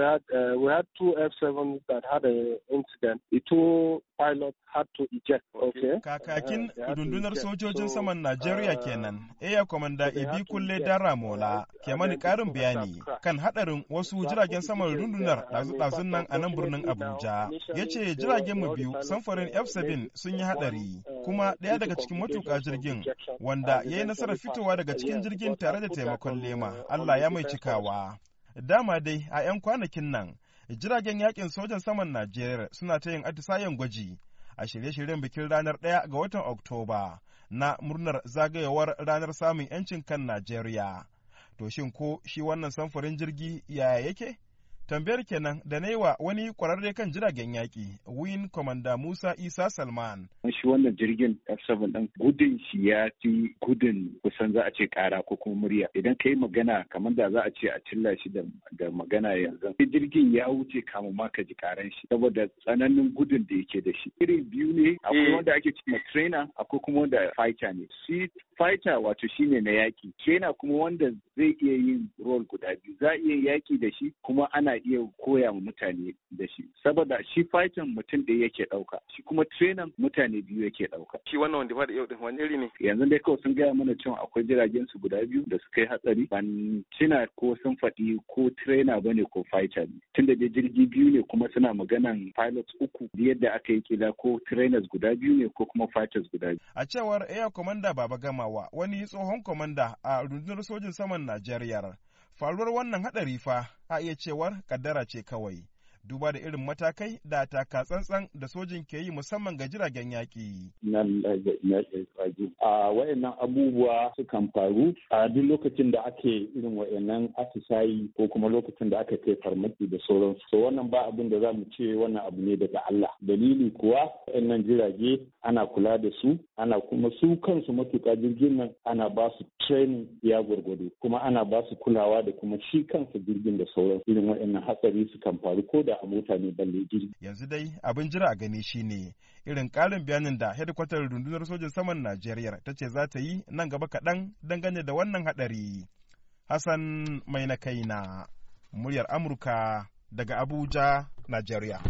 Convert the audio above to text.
we had uh, we had two f 7 that had an incident. The two pilots had to eject. Okay. Kakakin uh, rundunar sojojin saman Najeriya uh, kenan, Air Commander Ibi Kulle Daramola ke mani karin bayani kan hadarin wasu jiragen saman rundunar dazu-dazun nan a nan birnin Abuja. Ya ce jiragen mu biyu samfarin F7 sun yi hadari, uh, kuma ɗaya daga cikin matuƙa jirgin wanda ya yi nasarar fitowa daga cikin jirgin tare da taimakon lema. Allah ya mai cikawa. Dama dai a 'yan kwanakin nan, jiragen yakin sojan saman Najeriya suna ta yin atisayen gwaji a shirye-shiryen bikin ranar ɗaya ga watan Oktoba na murnar zagayowar ranar samun 'yancin kan Najeriya. To shin ko shi wannan samfurin jirgi yaya yake? Tambayar kenan da na yi wa wani kwararre kan jiragen yaƙi, Win Commander Musa Isa Salman. shi wannan jirgin F7 ɗin gudun shi ya fi gudun kusan za a ce kara ko kuma murya. Idan ka yi magana kamar da za a ce a cilla shi da magana yanzu. Jirgin ya wuce kamun ma ka ji karan shi saboda tsananin gudun da yake da shi. Iri biyu ne akwai eh. wanda ake cewa trainer akwai kuma wanda fighter ne. Shi fighter wato shine na yaki. Trainer kuma wanda zai iya yin role guda biyu. Za a iya yaki da shi kuma ana iya koya wa mutane da shi. Saboda shi fighter mutum da yake ɗauka. Shi kuma trainer mutane biyu yake ɗauka. Shi wannan wanda fada yau din wani iri ne? Yanzu dai kawai sun gaya mana cewa akwai jiragen su guda biyu da suka yi hatsari ban tuna ko sun faɗi ko trainer bane ko fighter ne. Tunda dai jirgi biyu ne kuma suna maganan pilots uku yadda aka yi kila ko trainers guda biyu ne ko kuma fighters guda biyu. A cewar Air Commander Baba Gamawa wani tsohon kwamanda a rundunar sojin saman Najeriya. Faruwar wannan hadari fa a iya cewar kaddara ce kawai. duba da irin matakai da taka tsantsan da sojin ke yi musamman ga jiragen yaƙi. A wayannan abubuwa sukan faru a duk lokacin da ake irin wayannan atisayi ko kuma lokacin da aka kai farmaki da sauran So wannan ba abin da za mu ce wannan abu ne daga Allah. Dalili kuwa wayannan jirage ana kula da su ana kuma su kansu matuƙa jirgin nan ana ba su training ya gwargwado kuma ana ba su kulawa da kuma shi kansa jirgin da sauran irin wayannan hatsari sukan faru ko da. da a balle Yanzu dai abin jira a gani shine irin ƙarin bayanin da hedikwatar rundunar sojin saman Najeriya ta ce za ta yi nan gaba kaɗan dangane da wannan haɗari. Hassan mai na kaina, muryar Amurka daga Abuja, Najeriya.